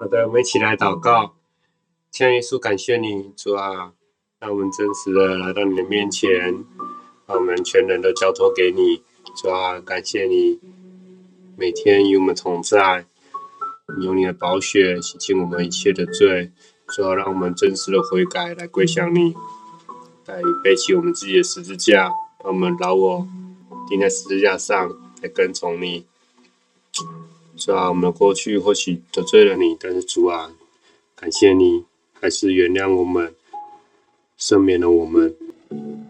好的，我們一起來禱告。親愛的耶穌，感謝你，主啊，讓我們真實的來到你的面前，把我們全人都交托給你，主啊，感謝你每天與我們同在，用你的寶血洗清我們一切的罪，主啊，讓我們真實的悔改來歸向你，帶你背起我們自己的十字架，讓我們老我釘在十字架上來跟從你。主啊，我們的過去或許得罪了你，但是主啊，感謝你還是原諒我們，赦免了我們。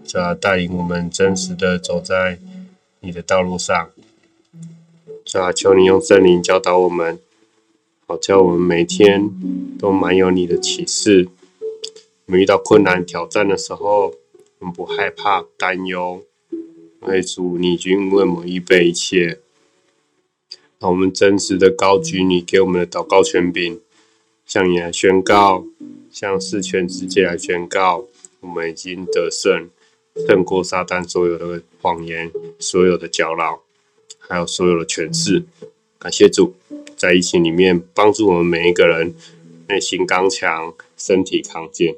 主要、啊、帶領我們真實的走在你的道路上。主要、啊、求你用聖靈教導我們，好叫我們每天都滿有你的啟示。我們遇到困難挑戰的時候，我們不害怕、擔憂。為主，你軍為我們預備一切。讓我們真實的高舉你給我們的禱告權柄，向你來宣告，向四全世界來宣告，我們已經得勝，勝過撒旦所有的謊言、所有的攪擾。還有所有的權勢。感謝主，在疫情裡面幫助我們每一個人內心剛強、身體康健。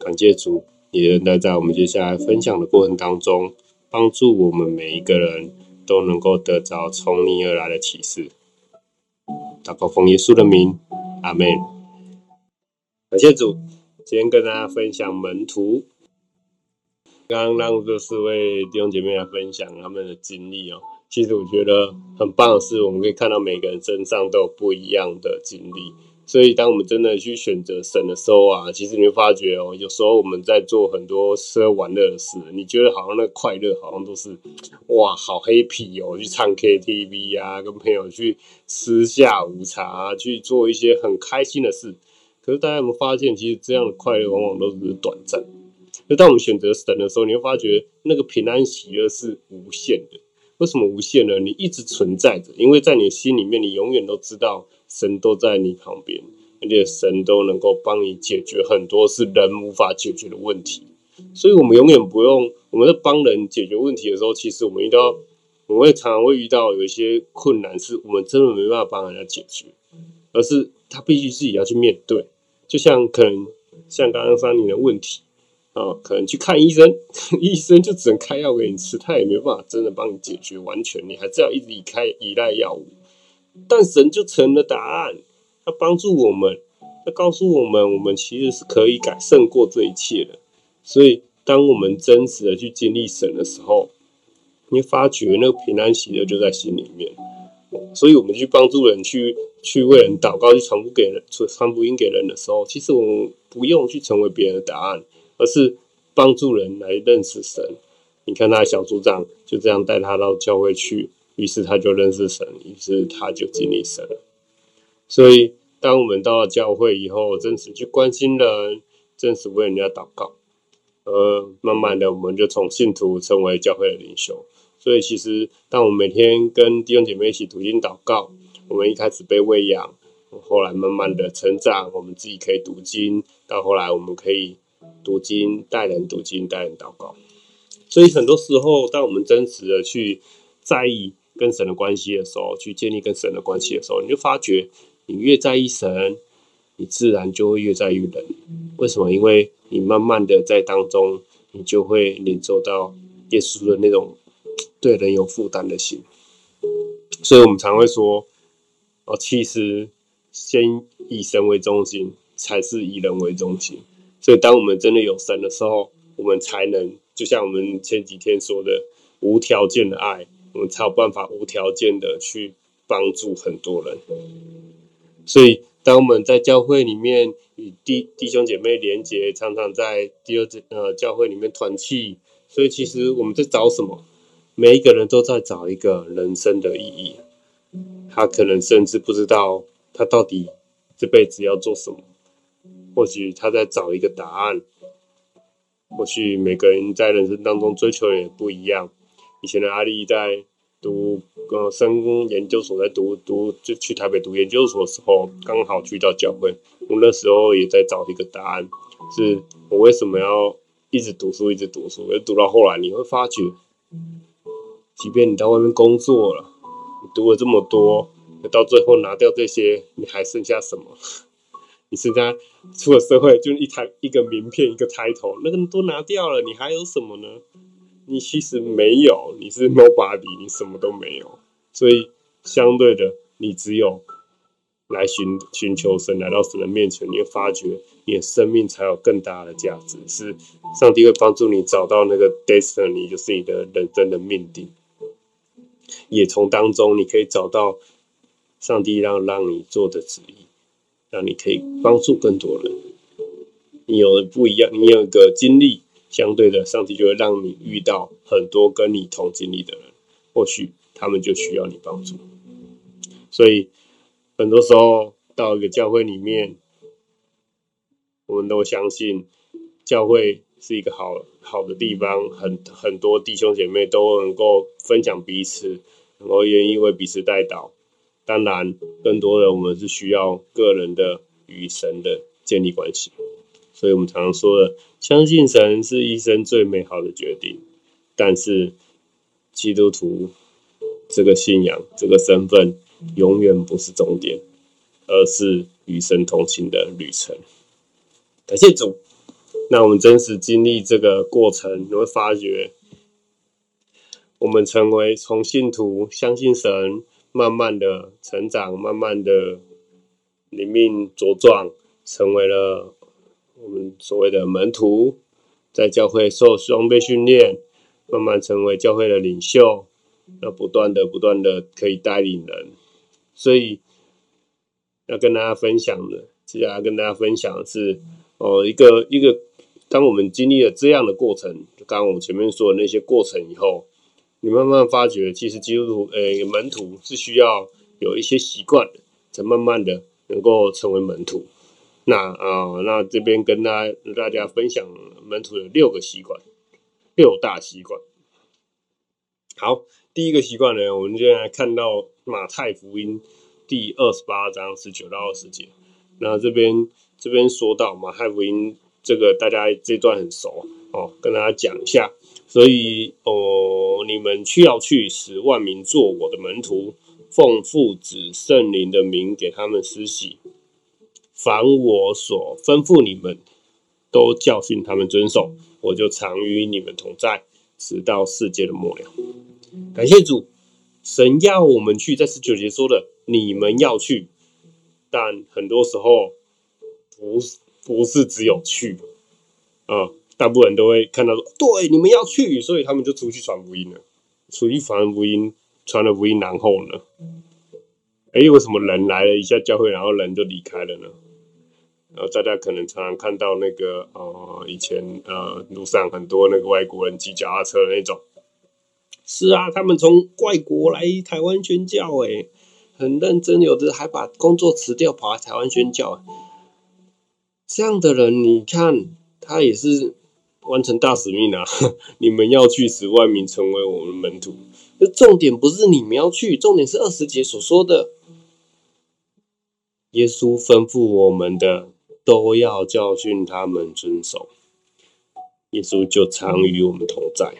感謝主，也能在在我們接下來分享的過程當中，幫助我們每一個人。都能夠得到從你而來的啟示。禱告奉耶穌的名，阿門。感謝主，今天跟大家分享門徒。剛剛讓這四位弟兄姐妹來分享他們的經歷哦。其實我覺得很棒的是，我們可以看到每個人身上都有不一樣的經歷。所以，當我們真的去選擇神的時候啊，其實你會發覺哦，有時候我們在做很多吃喝玩樂的事，你覺得好像那個快樂好像都是，哇，好嗨皮哦，去唱 KTV 啊，跟朋友去吃下午茶，去做一些很開心的事。可是大家有沒有發現，其實這樣的快樂往往都是短暫。那當我們選擇神的時候，你會發覺那個平安喜樂是無限的。為什麼無限呢？你一直存在着，因為在你的心裡面，你永遠都知道，神都在你旁邊，而且神都能夠幫你解決很多是人無法解決的問題。所以我，我們永遠不用我們在幫人解決問題的時候，其實我們遇到，我們會常常會遇到有一些困難，是我們真的沒辦法幫人家解決，而是他必須自己要去面對。就像可能像剛剛張你的問題啊，可能去看醫生，醫生就只能開藥給你吃，他也沒辦法真的幫你解決完全，你還是要一直以開依賴藥物。但神就成了答案，他幫助我們，他告訴我們，我們其實是可以改勝過這一切的。所以，當我們真實的去經歷神的時候，你發覺那個平安喜樂就在心裡面。所以我們去幫助人去，去去為人禱告，去傳福音給人，傳傳福音給人的時候，其實我們不用去成為別人的答案，而是幫助人來認識神。你看他的小組長就這樣帶他到教會去。於是他就認識神，於是他就經歷神了。所以，當我們到了教會以後，真實去關心人，真實為人家禱告，呃，慢慢的我們就從信徒成為教會的領袖。所以，其實當我們每天跟弟兄姐妹一起讀經禱告，我們一開始被餵養，後來慢慢的成長，我們自己可以讀經，到後來我們可以讀經，帶人讀經，帶人禱告。所以，很多時候當我們真實的去在意，跟神的關係的時候，去建立跟神的關係的時候，你就發覺，你越在意神，你自然就會越在意人。為什麼？因為你慢慢的在當中，你就會領受到耶穌的那種對人有負擔的心。所以，我們常會說，哦、啊，其實先以神為中心，才是以人為中心。所以，當我們真的有神的時候，我們才能，就像我們前幾天說的，無條件的愛。我們才有辦法無條件的去幫助很多人。所以，當我們在教會裡面與弟弟兄姐妹連結，常常在第二次呃教會裡面團契。所以，其實我們在找什麼？每一個人都在找一個人生的意義。他可能甚至不知道他到底這輩子要做什麼。或許他在找一個答案。或許每個人在人生當中追求的也不一樣。以前的阿力在讀呃深研究所，在讀讀就去台北讀研究所的時候，剛好去到教會。我那時候也在找一個答案，是我為什麼要一直讀書，一直讀書？讀到後來，你會發覺，即便你到外面工作了，你讀了這麼多，到最後拿掉這些，你還剩下什麼？ 你現在出了社會，就一台一個名片，一個 title，那個都拿掉了，你還有什麼呢？你其實沒有，你是 nobody，你什麼都沒有，所以相對的，你只有來尋尋求神，來到神的面前，你會發覺你的生命才有更大的價值，是上帝會幫助你找到那個 destiny，就是你的人生的命定，也從當中你可以找到上帝讓讓你做的旨意，讓你可以幫助更多人。你有不一樣，你有一個經歷。相對的，上帝就會讓你遇到很多跟你同經歷的人，或許他們就需要你幫助。所以，很多時候到一個教會裡面，我們都相信教會是一個好好的地方，很很多弟兄姐妹都能夠分享彼此，能夠願意為彼此代禱。當然，更多的我們是需要個人的與神的建立關係。所以，我們常常說的“相信神”是一生最美好的決定。但是，基督徒這個信仰、這個身份，永遠不是終點，而是與神同行的旅程。感謝主！那我們真實經歷這個過程，你會發覺，我們成為從信徒相信神，慢慢的成長，慢慢的靈命茁壯，成為了。我們所謂的門徒，在教會受雙倍訓練，慢慢成為教會的領袖，要不斷的、不斷的可以帶領人。所以要跟大家分享的，接下來要跟大家分享的是，哦、呃，一個一個，當我們經歷了這樣的過程，就剛剛我前面說的那些過程以後，你慢慢發覺，其實基督徒，呃，門徒是需要有一些習慣，才慢慢的能夠成為門徒。那啊、哦，那這邊跟大家大家分享門徒的六個習慣，六大習慣。好，第一個習慣呢，我們現在看到馬太福音第二十八章十九到二十節。那這邊這邊說到馬太福音這個大家這段很熟哦，跟大家講一下。所以哦，你們需要去使萬民做我的門徒，奉父子聖靈的名給他們施洗。凡我所吩咐你們，都教訓他們遵守，我就常與你們同在，直到世界的末了。嗯、感謝主，神要我們去，在十九節說的，你們要去。但很多時候不，不不是只有去啊、呃，大部分都會看到說，對，你們要去，所以他們就出去傳福音了，出去傳福音，傳了福音，然後呢，哎，為什麼人來了一下教會，然後人就離開了呢？大家可能常常看到那個呃，以前呃路上很多那個外國人騎腳踏車的那種，是啊，他們從外國來台灣宣教，欸，哎，很認真，有的還把工作辭掉跑來台灣宣教。這樣的人，你看他也是完成大使命啊！ 你們要去使萬民成為我們門徒。那重點不是你們要去，重點是二十節所說的，耶穌吩咐我們的。都要教訓他們遵守，耶穌就常與我們同在，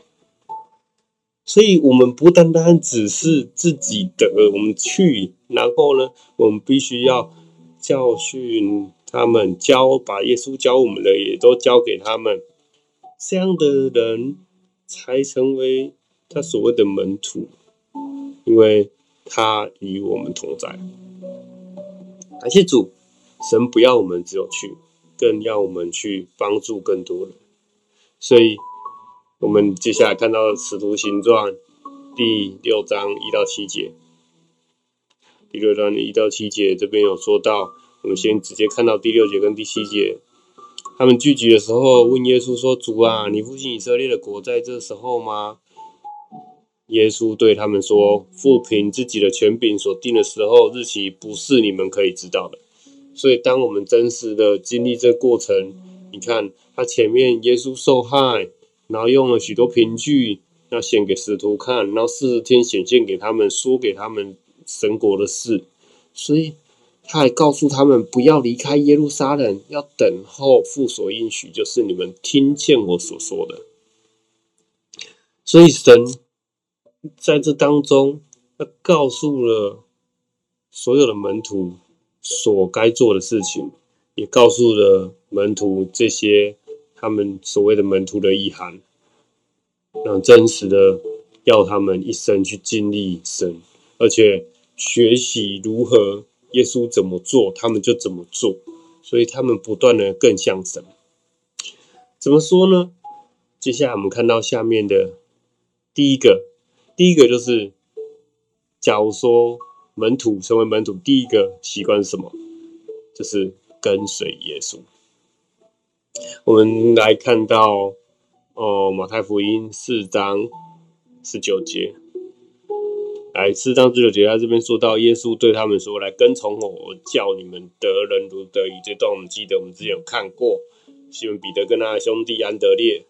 所以，我們不單單只是自己的，我們去，然後呢，我們必須要教訓他們，教把耶穌教我們的也都教給他們，這樣的人才成為他所謂的門徒，因為他與我們同在，感謝主。神不要我們只有去，更要我們去幫助更多人。所以，我們接下來看到《使徒行傳》第六章一到七節。第六章的一到七節這邊有說到，我們先直接看到第六節跟第七節。他們聚集的時候，問耶穌說：“主啊，你復興以色列的國在這時候嗎？”耶穌對他們說：“父憑自己的權柄所定的時候日期，不是你們可以知道的。”所以，當我們真實的經歷這個過程，你看他前面耶穌受害，然後用了許多憑據要顯給使徒看，然後四十天顯現給他們，說給他們神國的事。所以，他還告訴他們不要離開耶路撒冷，要等候父所應許，就是你們聽見我所說的。所以，神在這當中，他告訴了所有的門徒。所該做的事情，也告訴了門徒這些他們所謂的門徒的意涵，讓真實的要他們一生去經歷神，而且學習如何耶穌怎麼做，他們就怎麼做，所以他們不斷的更像神。怎麼說呢？接下來我們看到下面的第一個，第一個就是，假如說。門徒成為門徒，第一個習慣是什麼？就是跟隨耶穌。我們來看到，哦，馬太福音四章十九節。來，四章十九節，他這邊說到，耶穌對他們說：“來跟從我，我叫你們得人如得魚。”這段我們記得，我們之前有看過，西門彼得跟他的兄弟安德烈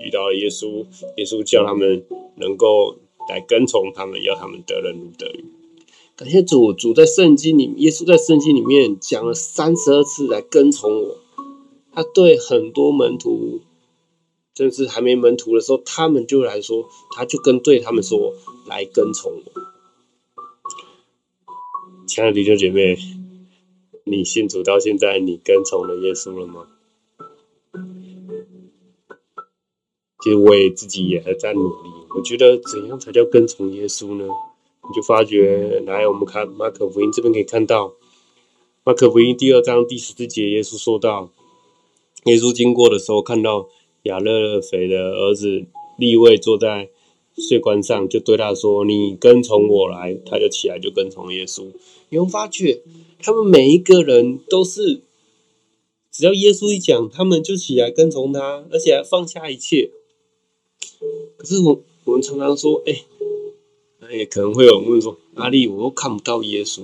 遇到耶穌，耶穌叫他們能夠來跟從他們，要他們得人如得魚。那些主主在聖經裡，耶穌在聖經裡面講了三十二次來跟從我。他對很多門徒，甚至還沒門徒的時候，他們就來說，他就跟對他們說，來跟從我。親愛的弟兄姐妹，你信主到現在，你跟從了耶穌了嗎？其實我也自己也還在努力，我覺得怎樣才叫跟從耶穌呢？就發覺，來，我們看馬可福音這邊可以看到，馬可福音第二章第十四節，耶穌說到，耶穌經過的時候，看到亞勒腓的兒子利未坐在稅關上，就對他說：“你跟從我來。”他就起來就跟從耶穌。你會發覺，他們每一個人都是，只要耶穌一講，他們就起來跟從他，而且還放下一切。可是我們我們常常說，哎。也可能會有人問說：“嗯、阿力，我又看不到耶穌，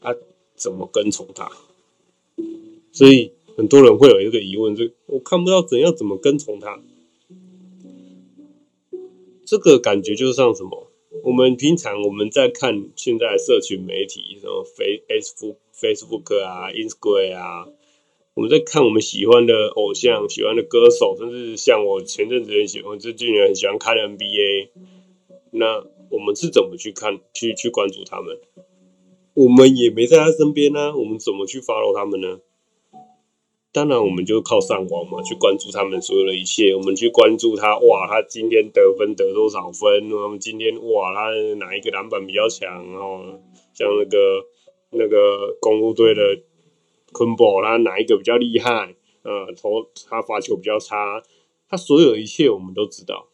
他、啊、怎麼跟從他？”所以很多人會有一個疑問，就我看不到怎樣怎麼跟從他。這個感覺就是像什麼？我們平常我們在看現在社群媒體，什麼 Facebook Facebook 啊，Instagram 啊，我們在看我們喜歡的偶像、喜歡的歌手，甚至像我前陣子很喜歡，最近也很喜歡看 NBA，那。我們是怎麼去看，去去關注他們？我們也沒在他身邊啊，我們怎麼去 follow 他們呢？當然，我們就靠上網嘛，去關注他們所有的一切。我們去關注他，哇，他今天得分得多少分？我們今天，哇，他哪一個籃板比較強？然後，哦，像那個那個公牛隊的昆博，他哪一個比較厲害？呃、嗯，投他罰球比較差，他所有一切我們都知道。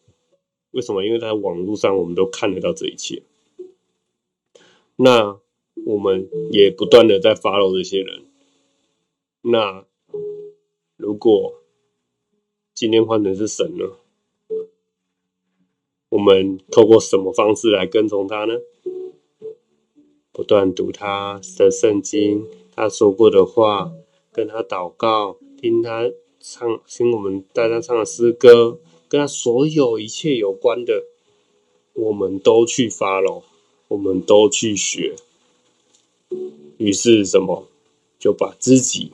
為什麼？因為在網絡上，我們都看得到這一切。那我們也不斷的在 follow 這些人。那如果今天換成是神了，我們透過什麼方式來跟從他呢？不斷讀他的聖經，他說過的話，跟他禱告，聽他唱，聽我們帶他唱的詩歌。跟他所有一切有關的，我們都去發了，我們都去學。於是，什麼？就把自己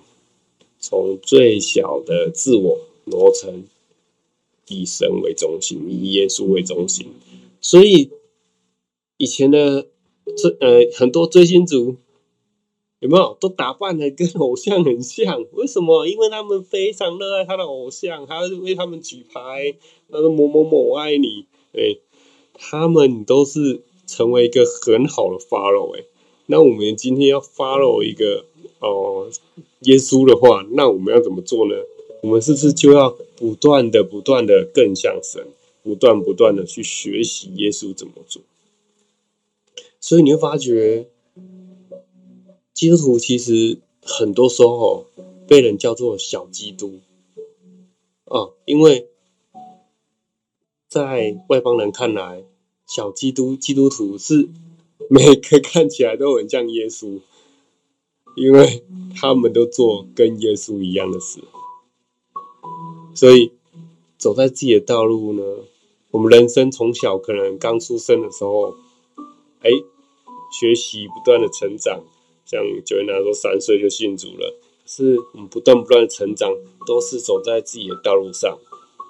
從最小的自我挪成以神為中心，以耶穌為中心。所以，以前的追呃很多追星族。有沒有都打扮得跟偶像很像？為什麼？因為他們非常熱愛他的偶像，還要為他們舉牌。他說：“某某某，我愛你。”欸，他們都是成為一個很好的 follow、欸。那我們今天要 follow 一個哦、嗯呃、耶穌的話，那我們要怎麼做呢？我們是不是就要不斷的、不斷的更像神，不斷不斷的去學習耶穌怎麼做？所以你會發覺。基督徒其實很多時候，哦，被人叫做小基督啊，哦，因為在外邦人看來，小基督基督徒是每個看起來都很像耶穌，因為他們都做跟耶穌一樣的事。所以走在自己的道路呢，我們人生從小可能剛出生的時候，哎，學習不斷的成長。像九月男說，三歲就信主了，可是我們不斷不斷成長，都是走在自己的道路上。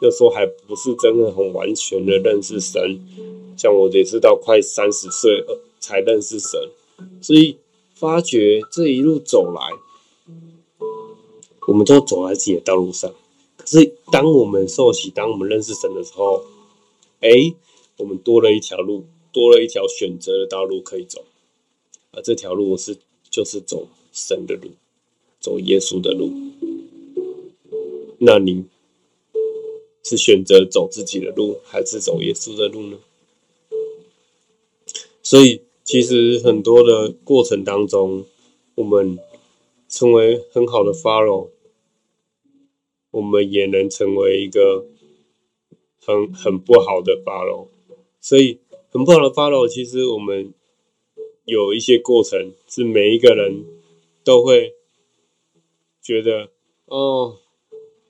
那時候還不是真的很完全的認識神，像我也是到快三十歲才認識神，所以發覺這一路走來，我們都走在自己的道路上。可是當我們受洗，當我們認識神的時候，哎、欸，我們多了一條路，多了一條選擇的道路可以走，啊，這條路我是。就是走神的路，走耶穌的路。那你是選擇走自己的路，還是走耶穌的路呢？所以，其實很多的過程當中，我們成為很好的 follow，我們也能成為一個很很不好的 follow。所以，很不好的 follow，其實我們。有一些過程是每一個人都會覺得哦，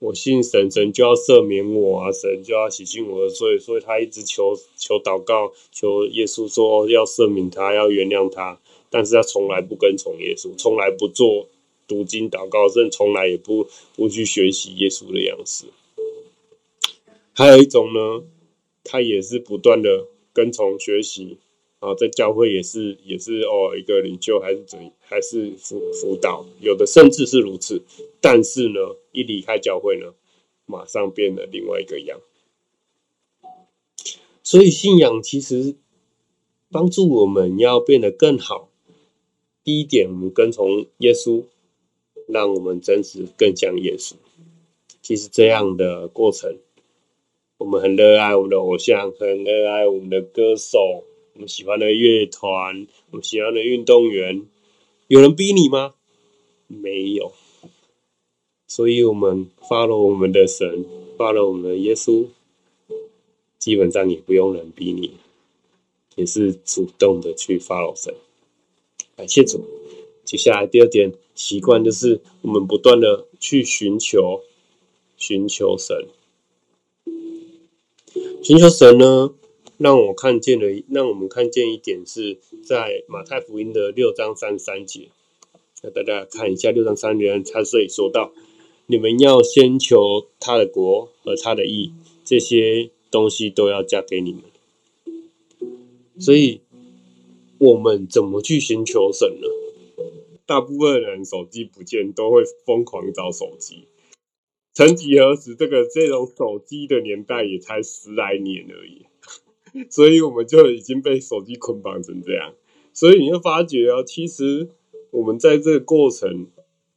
我信神，神就要赦免我啊，神就要洗淨我的罪，所以所以他一直求求禱告，求耶穌說，哦，要赦免他，要原諒他，但是他從來不跟從耶穌，從來不做讀經禱告，甚至從來也不不去學習耶穌的樣子。還有一種呢，他也是不斷的跟從學習。啊，在教會也是，也是哦，一個領袖還是怎，還是輔輔導，有的甚至是如此。但是呢，一離開教會呢，馬上變了另外一個樣。所以信仰其實幫助我們要變得更好。第一點，我們跟從耶穌，讓我們真實更像耶穌。其實這樣的過程，我們很熱愛我們的偶像，很熱愛我們的歌手。我們喜歡的樂團，我們喜歡的運動員，有人逼你嗎？沒有，所以，我們 follow 我們的神，follow 我們的耶穌，基本上也不用人逼你，也是主動的去 follow 神，感謝主。接下來第二點習慣就是我們不斷的去尋求尋求神，尋求神呢？讓我看見了，讓我們看見一點是在馬太福音的六章三十三節。那大家看一下，六章三十三節他說：“所以說到你們要先求他的國和他的義，這些東西都要加給你們。”所以，我們怎麼去先求神呢？大部分人手機不見都會瘋狂找手機。曾幾何時，這個這種手機的年代也才十來年而已。所以我們就已經被手機捆綁成這樣，所以你就發覺哦，其實我們在這個過程，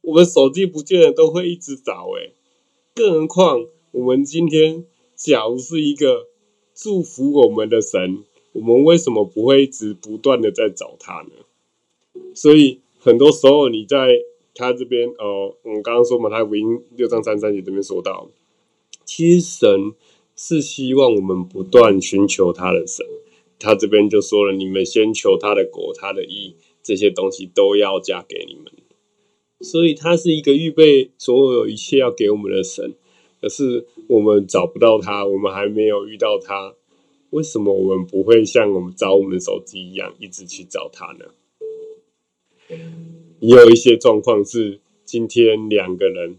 我們手機不見了都會一直找，欸，更何況我們今天假如是一個祝福我們的神，我們為什麼不會一直不斷的在找他呢？所以很多時候你在他這邊，哦、呃，我們剛剛說嘛，太福音六章三三節這邊說到，其實神。是希望我們不斷尋求他的神，他這邊就說了：你們先求他的國，他的義，這些東西都要加給你們。所以他是一個預備所有一切要給我們的神，可是我們找不到他，我們還沒有遇到他，為什麼我們不會像我們找我們手機一樣，一直去找他呢？也有一些狀況是今天兩個人，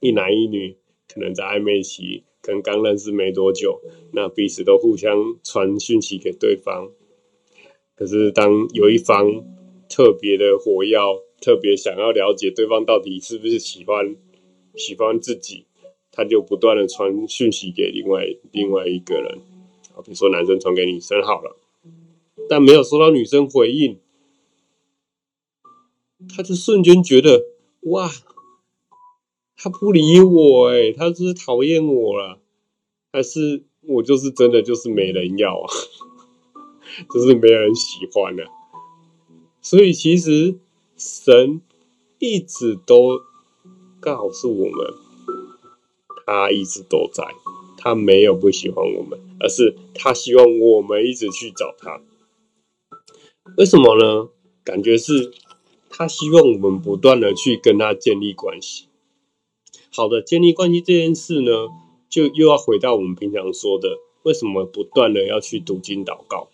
一男一女，可能在曖昧期。可能剛認識沒多久，那彼此都互相傳訊息給對方。可是當有一方特別的火藥，特別想要了解對方到底是不是喜歡喜歡自己，他就不斷的傳訊息給另外另外一個人。好，比如說男生傳給女生好了，但沒有收到女生回應，他就瞬間覺得哇。他不理我。欸，哎，他就是討厭我了，還是我就是真的就是沒人要啊，呵呵就是沒人喜歡呢、啊。所以其實神一直都告訴我們，他一直都在，他沒有不喜歡我們，而是他希望我們一直去找他。為什麼呢？感覺是他希望我們不斷的去跟他建立關係。好的，建立關係這件事呢，就又要回到我們平常說的，為什麼不斷的要去讀經禱告？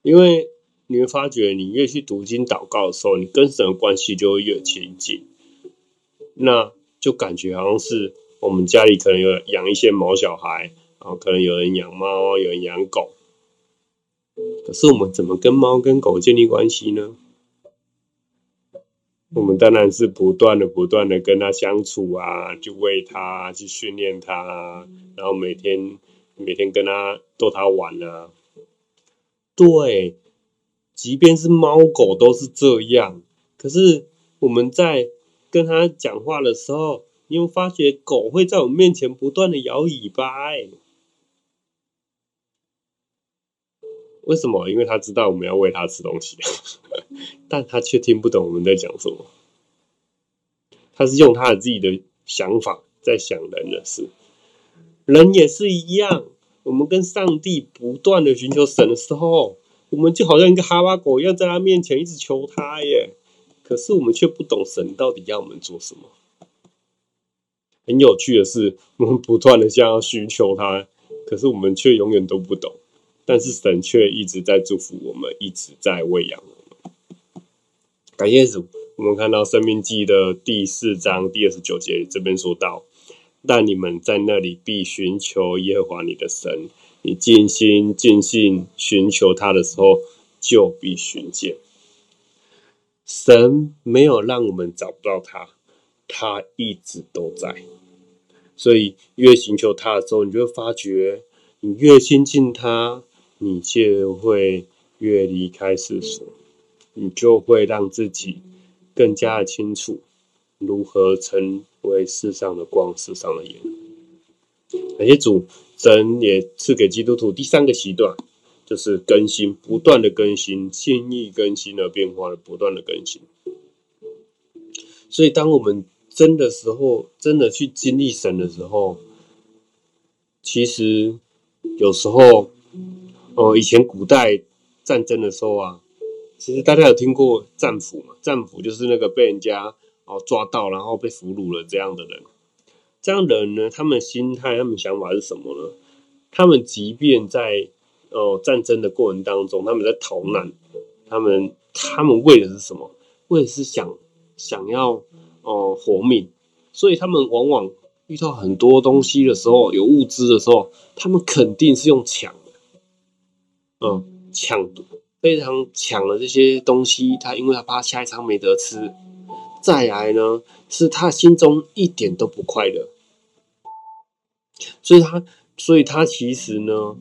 因為你會發覺，你越去讀經禱告的時候，你跟神的關係就會越親近。那就感覺好像是我們家裡可能有養一些毛小孩，然後可能有人養貓，有人養狗。可是我們怎麼跟貓跟狗建立關係呢？我們當然是不斷的、不斷的跟他相處啊，就餵他、去訓練他，然後每天、每天跟他逗他玩啊。對，即便是貓狗都是這樣。可是我們在跟他講話的時候，你會發覺狗會在我面前不斷的搖尾巴、欸。為什麼？因為他知道我們要餵他吃東西， 但他卻聽不懂我們在講什麼。他是用他的自己的想法在想人的事。人也是一樣，我們跟上帝不斷的尋求神的時候，我們就好像一個哈巴狗一樣，在他面前一直求他耶。可是我們卻不懂神到底要我們做什麼。很有趣的是，我們不斷的想要尋求他，可是我們卻永遠都不懂。但是神卻一直在祝福我們，一直在餵養我們。感謝主，我們看到《申命記》的第四章第二十九節，這邊說到：“但你們在那裡必尋求耶和華你的神，你盡心盡性尋求他的時候，就必尋見。”神沒有讓我們找不到他，他一直都在。所以越尋求他的時候，你就會發覺，你越親近他。你就會越離開世俗，你就會讓自己更加的清楚如何成為世上的光，世上的鹽。而且主神也賜給基督徒第三個習慣，就是更新，不斷的更新，心意更新而變化，不斷的更新。所以當我們真的時候，真的去經歷神的時候，其實有時候。哦、呃，以前古代戰爭的時候啊，其實大家有聽過戰俘嘛？戰俘就是那個被人家哦、呃、抓到，然後被俘虜了這樣的人。這樣的人呢，他們心態、他們想法是什麼呢？他們即便在哦、呃、戰爭的過程當中，他們在逃難，他們他們為的是什麼？為的是想想要哦、呃、活命。所以他們往往遇到很多東西的時候，有物資的時候，他們肯定是用搶。嗯，搶，非常搶了這些東西。他因為怕他怕下一餐沒得吃，再來呢是他心中一點都不快樂，所以他所以他其實呢，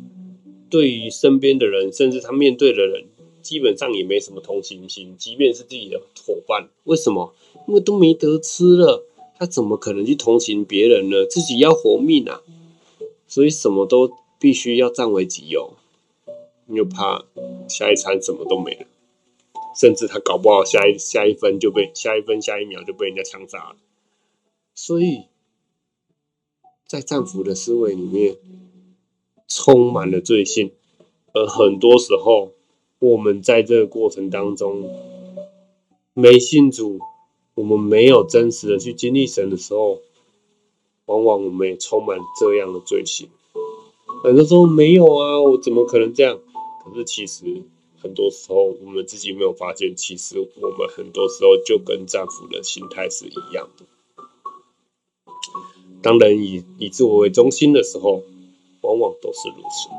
對於身邊的人，甚至他面對的人，基本上也沒什麼同情心。即便是自己的夥伴，為什麼？因為都沒得吃了，他怎麼可能去同情別人呢？自己要活命啊，所以什麼都必須要佔為己有。又怕下一餐什麼都沒了，甚至他搞不好下一下一分就被下一分下一秒就被人家槍殺了。所以，在戰俘的思維裡面充滿了罪性，而很多時候，我們在這個過程當中沒信主，我們沒有真實的去經歷神的時候，往往我們也充滿這樣的罪性。很多時候說沒有啊，我怎麼可能這樣？可是，其實很多時候我們自己沒有發現，其實我們很多時候就跟戰俘的心態是一樣的。當人以以自我為，為中心的時候，往往都是如此。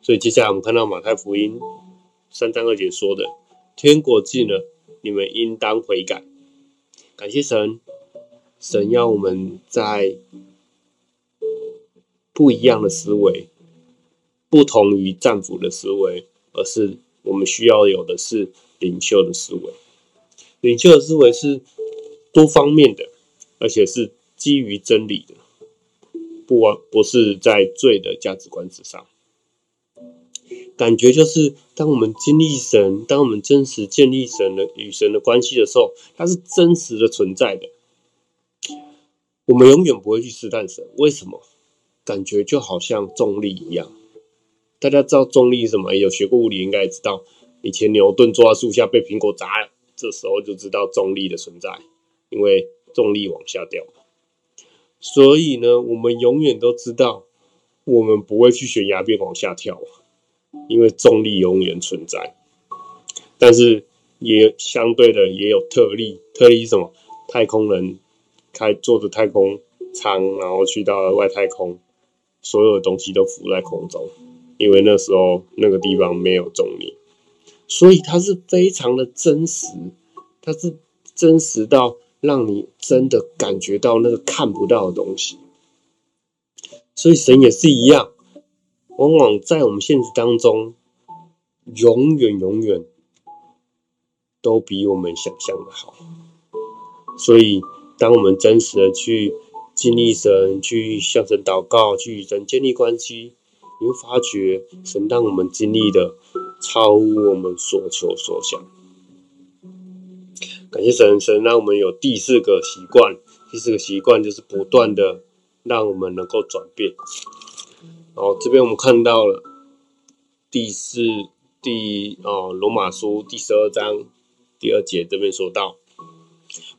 所以，接下來我們看到馬太福音三章二節說的：“天國近了，你們應當悔改。”感謝神，神要我們在不一樣的思維。不同於戰俘的思維，而是我們需要有的是領袖的思維。領袖的思維是多方面的，而且是基於真理的，不完，不是在罪的價值觀之上。感覺就是當我們經歷神，當我們真實建立神的與神的關係的時候，它是真實的存在的。我們永遠不會去試探神，為什麼？感覺就好像重力一樣。大家知道重力是什麼？有學過物理應該也知道，以前牛頓坐在樹下被蘋果砸了，這時候就知道重力的存在，因為重力往下掉。所以呢，我們永遠都知道，我們不會去懸崖邊往下跳，因為重力永遠存在。但是也相對的也有特例，特例是什麼？太空人開坐着太空艙，然後去到了外太空，所有的東西都浮在空中。因為那時候那個地方沒有重力，所以它是非常的真實，它是真實到讓你真的感覺到那個看不到的東西。所以神也是一樣，往往在我們現實當中，永遠永遠都比我們想象的好。所以，當我們真實的去經歷神，去向神禱告，去與神建立關係。你會發覺神讓我們經歷的超乎我們所求所想。感謝神，神讓我們有第四個習慣。第四個習慣就是不斷的讓我們能夠轉變。好，這邊我們看到了第四第哦，《羅馬書》第十二章第二節，這邊說到：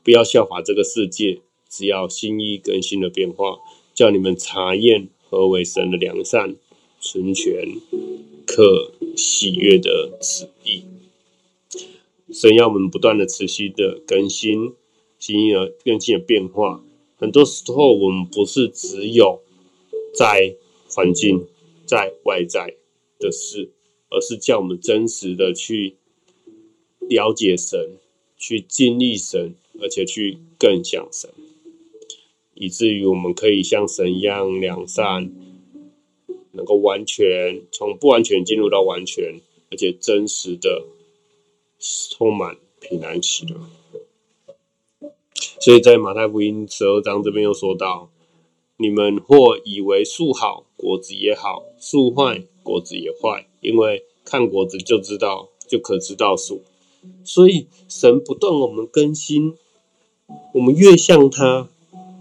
不要效法這個世界，只要心意更新的變化，叫你們查驗何為神的良善。純全、可喜悅的旨意，神要我們不斷的、持續的更新，心意更新而變化。很多時候，我們不是只有在環境、在外在的事，而是叫我們真實的去了解神，去經歷神，而且去更像神，以至於我們可以像神一樣良善。能夠完全從不完全進入到完全，而且真實的充滿平安喜樂。所以在馬太福音十二章這邊又說到：“你們或以為樹好，果子也好；樹壞，果子也壞。因為看果子就知道，就可知道樹。”所以神不斷我們更新，我們越像他，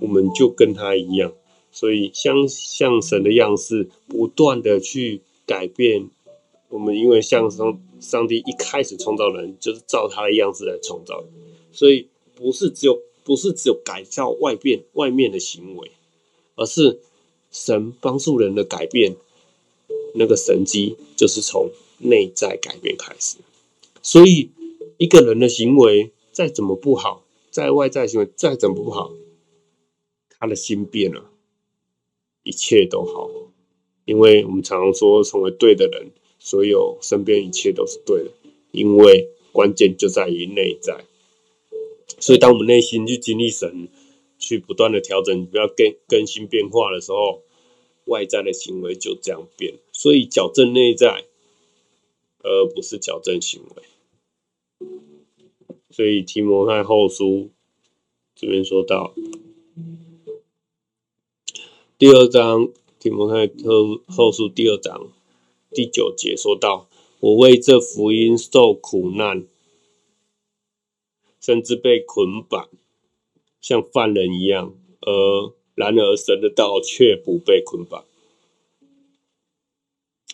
我們就跟他一樣。所以像像神的樣式，不斷的去改變我們，因為像上上帝一開始創造人，就是照他的樣子來創造，所以不是只有不是只有改造外變外面的行為，而是神幫助人的改變，那個神蹟就是從內在改變開始。所以一個人的行為再怎麼不好，在外在行為再怎麼不好，他的心變了，一切都好，因為我們常常說，成為對的人，所有身邊一切都是對的，因為關鍵就在於內在。所以，當我們內心去經歷神，去不斷的調整，不要更更新變化的時候，外在的行為就這樣變。所以，矯正內在，而、呃、不是矯正行為。所以，提摩太後書這邊說到。第二章，提摩太後書第二章第九節，說到：“我為這福音受苦難，甚至被捆綁，像犯人一樣；而然而，神的道卻不被捆綁。”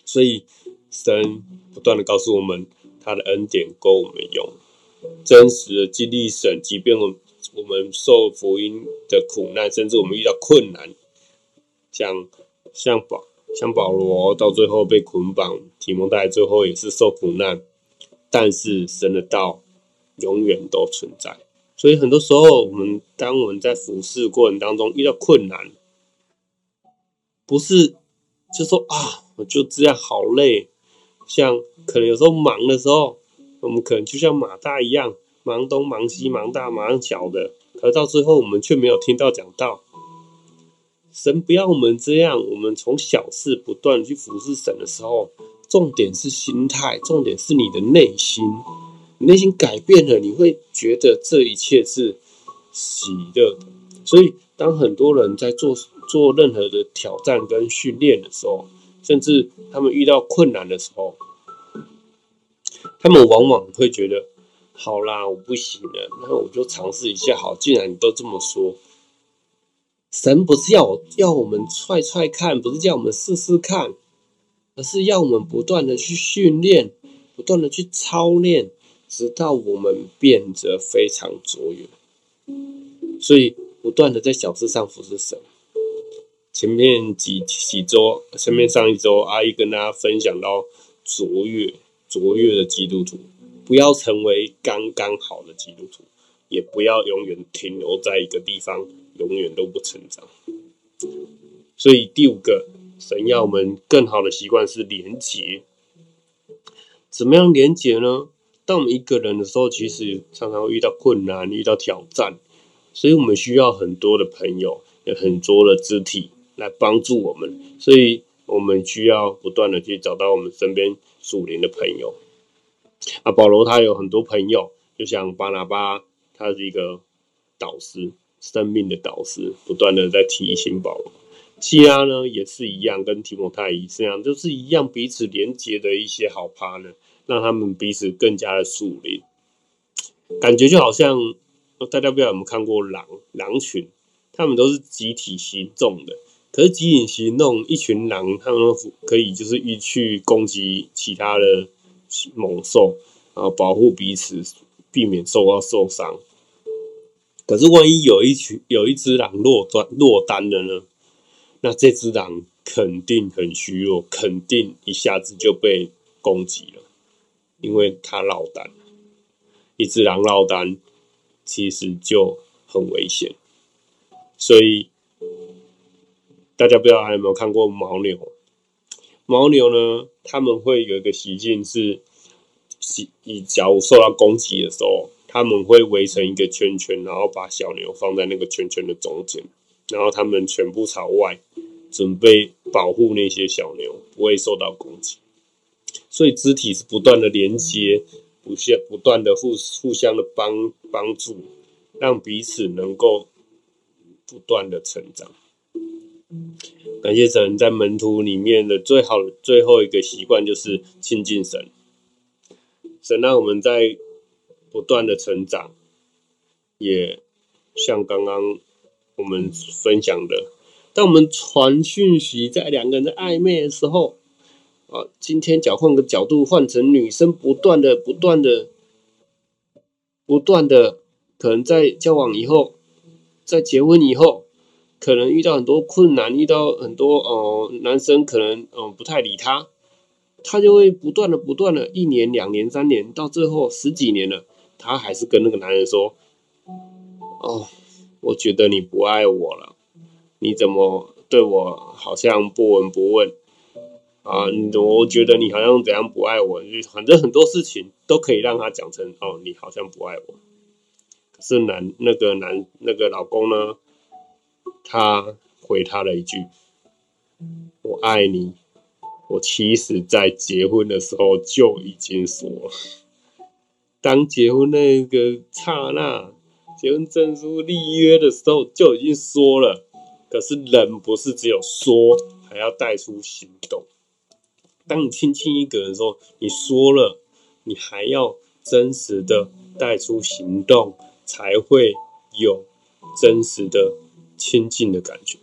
所以，神不斷的告訴我們，他的恩典夠我們用。真實的經歷神，即便我我們受福音的苦難，甚至我們遇到困難。像像保像保羅到最後被捆綁，提摩太最後也是受苦難，但是神的道永遠都存在。所以很多時候，我們當我們在服侍過程當中遇到困難，不是就說啊，我就這樣好累。像可能有時候忙的時候，我們可能就像馬大一樣，忙東忙西，忙大忙小的，可是到最後我們卻沒有聽到講道。神不要我們這樣，我們從小事不斷去服侍神的時候，重點是心態，重點是你的內心。你內心改變了，你會覺得這一切是喜樂的。所以，當很多人在做做任何的挑戰跟訓練的時候，甚至他們遇到困難的時候，他們往往會覺得：好啦，我不行了，那我就嘗試一下。好，既然你都這麼說。神不是要我，要我們踹踹看，不是叫我們試試看，而是要我們不斷的去訓練，不斷的去操練，直到我們變得非常卓越。所以，不斷的在小事上服侍神。前面幾幾周，前面上一周，阿姨跟大家分享到卓越卓越的基督徒，不要成為剛剛好的基督徒，也不要永遠停留在一個地方。永遠都不成長，所以第五個，神要我們更好的習慣是連結。怎麼樣連結呢？當我們一個人的時候，其實常常會遇到困難，遇到挑戰，所以我們需要很多的朋友，有很多的肢體來幫助我們。所以我們需要不斷的去找到我們身邊屬靈的朋友。啊，保羅他有很多朋友，就像巴拿巴，他是一個導師。生命的導師不斷的在提醒保羅，西拉呢也是一樣，跟提摩太一樣，就是一樣彼此連接的一些好 partner 呢，讓他們彼此更加的樹立。感覺就好像大家不知道有沒有看過狼狼群，他們都是集體行動的。可是集體行動，一群狼他們可以就是一去攻擊其他的猛獸，然後保護彼此，避免受到受傷。可是，萬一有一群有一只狼落單落單了呢？那這只狼肯定很虛弱，肯定一下子就被攻擊了，因為它落單。一只狼落單，其實就很危險。所以，大家不知道還有沒有看過牦牛？牦牛呢，他們會有一個習性，是，假如受到攻擊的時候。他們會圍成一個圈圈，然後把小牛放在那個圈圈的中間，然後他們全部朝外，準備保護那些小牛不會受到攻擊。所以肢體是不斷的連接，不需不斷的互互相的幫幫助，讓彼此能夠不斷的成長。感謝神在門徒裡面的最好，最後一個習慣就是親近神，神讓我們在。不斷的成長，也、yeah, 像剛剛我們分享的，當我們傳訊息在兩個人在曖昧的時候，啊，今天想換個角度，換成女生不斷的、不斷的、不斷的，可能在交往以後，在結婚以後，可能遇到很多困難，遇到很多哦、呃，男生可能嗯、呃、不太理她，她就會不斷的、不斷的一年、兩年、三年，到最後十幾年了。她還是跟那個男人說：“哦，我覺得你不愛我了，你怎麼對我好像不聞不問啊？我覺得你好像怎樣不愛我，反正很多事情都可以讓他講成哦，你好像不愛我。”可是男那個男那個老公呢，他回他了一句：“我愛你。”我其實在結婚的時候就已經說了。當結婚那個剎那，結婚證書立約的時候就已經說了，可是人不是只有說，還要帶出行動。當你親近一個人的時候，你說了，你還要真實的帶出行動，才會有真實的親近的感覺。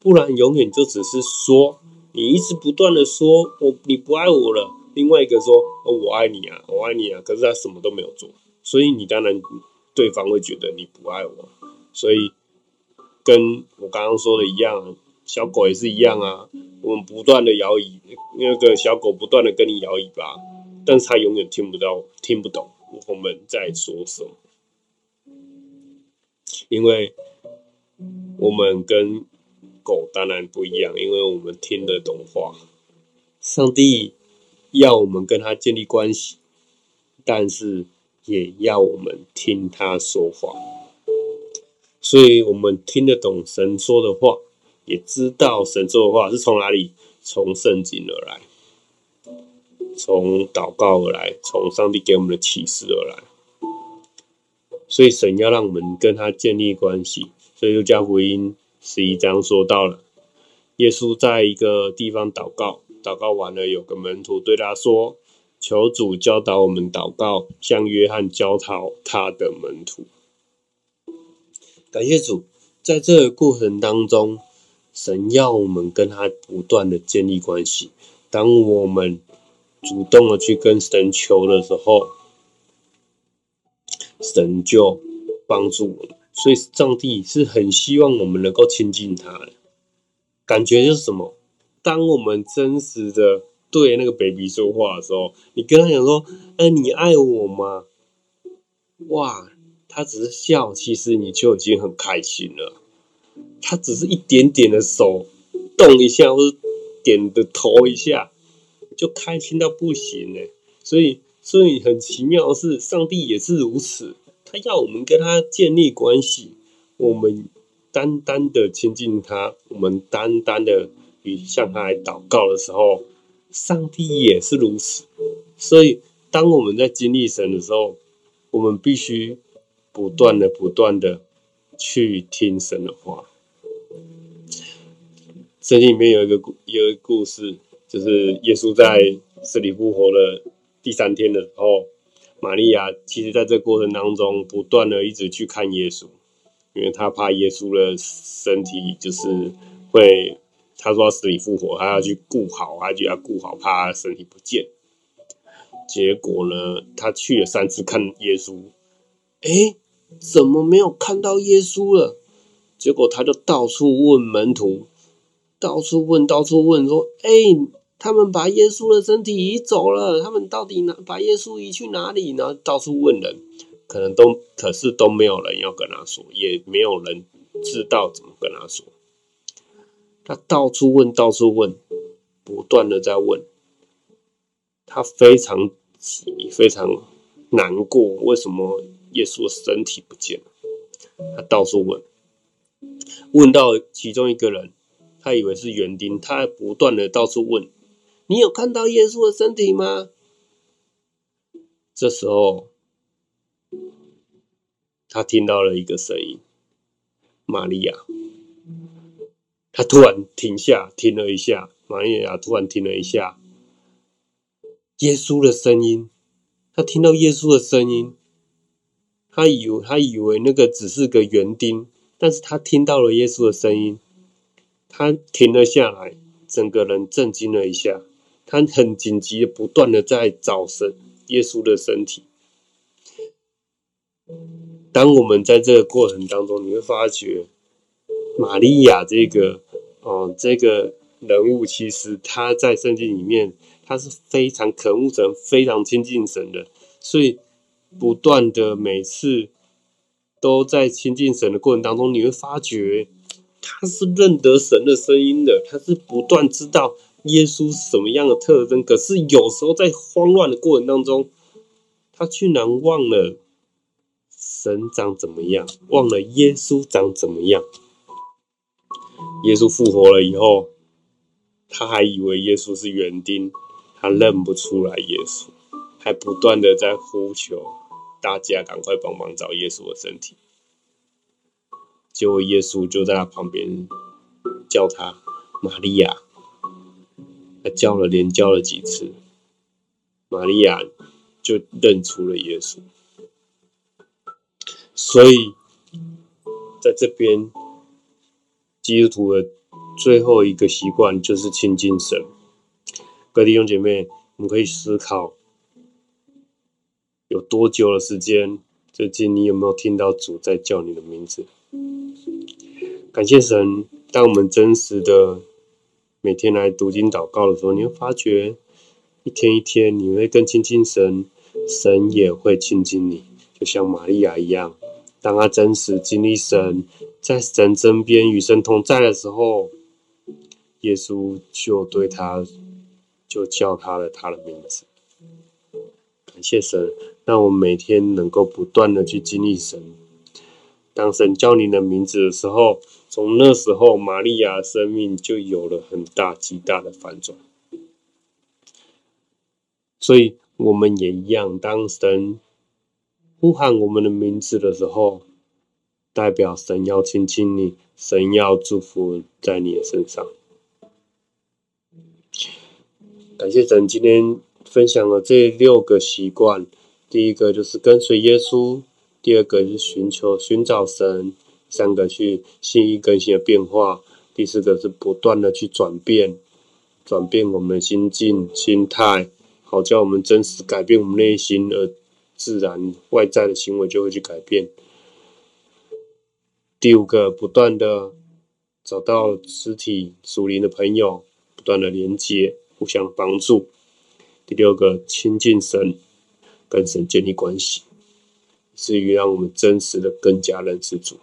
不然永遠就只是說，你一直不斷的說，我你不愛我了。另外一個說：“哦，我愛你啊，我愛你啊！”可是他什麼都沒有做，所以你當然對方會覺得你不愛我。所以跟我剛剛說的一樣，小狗也是一樣啊。我們不斷的搖尾，那個小狗不斷的跟你搖尾巴，但是它永遠聽不到、聽不懂我們在說什麼，因為我們跟狗當然不一樣，因為我們聽得懂話。上帝，要我們跟他建立關係，但是也要我們聽他說話，所以我們聽得懂神說的話，也知道神說的話是從哪裡，從聖經而來，從禱告而來，從上帝給我們的啟示而來。所以神要讓我們跟他建立關係，所以路加福音十一章說到了，耶穌在一個地方禱告。禱告完了，有個門徒對他說：“求主教導我們禱告，向約翰教導他的門徒。”感謝主，在這個過程當中，神要我們跟他不斷的建立關係。當我們主動的去跟神求的時候，神就幫助我們。所以上帝是很希望我們能夠親近他的。感覺就是什麼？當我們真實的對那個 baby 說話的時候，你跟他講說：“哎，你愛我嗎？”哇，他只是笑，其實你就已經很開心了。他只是一點點的手動一下，或者點的頭一下，就開心到不行呢。所以，所以很奇妙的是，上帝也是如此，他要我們跟他建立關係，我們單單的親近他，我們單單的。你向他來禱告的時候，上帝也是如此。所以，當我們在經歷神的時候，我們必須不斷的、不斷的去聽神的話。這裡面有一個故有一個故事，就是耶穌在死裡復活的第三天的時候，瑪利亞其實在這個過程當中不斷的一直去看耶穌，因為她怕耶穌的身體就是會。他說：“死裡復活，他要去顧好，他就要顧好，怕他身體不見。結果呢，他去了三次看耶穌，哎、欸，怎麼沒有看到耶穌了？結果他就到處問門徒，到處問，到處問，說：哎、欸，他們把耶穌的身體移走了，他們到底哪把耶穌移去哪裡呢？到處問人，可能都，可是都沒有人要跟他說，也沒有人知道怎麼跟他說。”他到處問，到處問，不斷的在問，他非常急，非常難過。為什麼耶穌的身體不見了？他到處問，問到其中一個人，他以為是園丁，他還不斷的到處問：“你有看到耶穌的身體嗎？”這時候，他聽到了一個聲音：“瑪利亞。”他突然停下，停了一下。瑪利亞突然停了一下，耶穌的聲音，他聽到耶穌的聲音，他以為他以為那個只是個園丁，但是他聽到了耶穌的聲音，他停了下來，整個人震驚了一下。他很緊急的不斷的在找神，耶穌的身體。當我們在這個過程當中，你會發覺瑪利亞這個。哦，這個人物其實他在聖經裡面，他是非常渴望神，非常親近神的，所以不斷的每次都在親近神的過程當中，你會發覺他是認得神的聲音的，他是不斷知道耶穌什麼樣的特徵。可是有時候在慌亂的過程當中，他居然忘了神長怎麼樣，忘了耶穌長怎麼樣。耶穌復活了以後，他還以為耶穌是園丁，他認不出來耶穌，還不斷地在呼求大家趕快幫忙找耶穌的身體。結果耶穌就在他旁邊叫他瑪利亞，他叫了連叫了幾次，瑪利亞就認出了耶穌。所以在這邊。基督徒的最後一個習慣就是親近神。各位弟兄姐妹，我們可以思考有多久的時間，最近你有沒有聽到主在叫你的名字？感謝神，當我們真實的每天來讀經禱告的時候，你會發覺一天一天，你會更親近神，神也會親近你，就像瑪利亞一樣。當他真實經歷神，在神身邊與神同在的時候，耶穌就對他，就叫他了他的名字。感謝神，讓我們每天能夠不斷的去經歷神。當神叫你的名字的時候，從那時候，瑪利亞的生命就有了很大極大的反轉。所以我們也一樣，當神。呼喊我們的名字的時候，代表神要親近你，神要祝福在你的身上。感謝神，今天分享了這六個習慣：第一個就是跟隨耶穌；第二個是尋求尋找神；三個去心意更新的變化；第四個是不斷的去轉變，轉變我們的心境、心態，好叫我們真實改變我們內心的自然，外在的行為就會去改變。第五個，不斷的找到實體屬靈的朋友，不斷的連接，互相幫助。第六個，親近神，跟神建立關係，至於讓我們真實的更加認識主。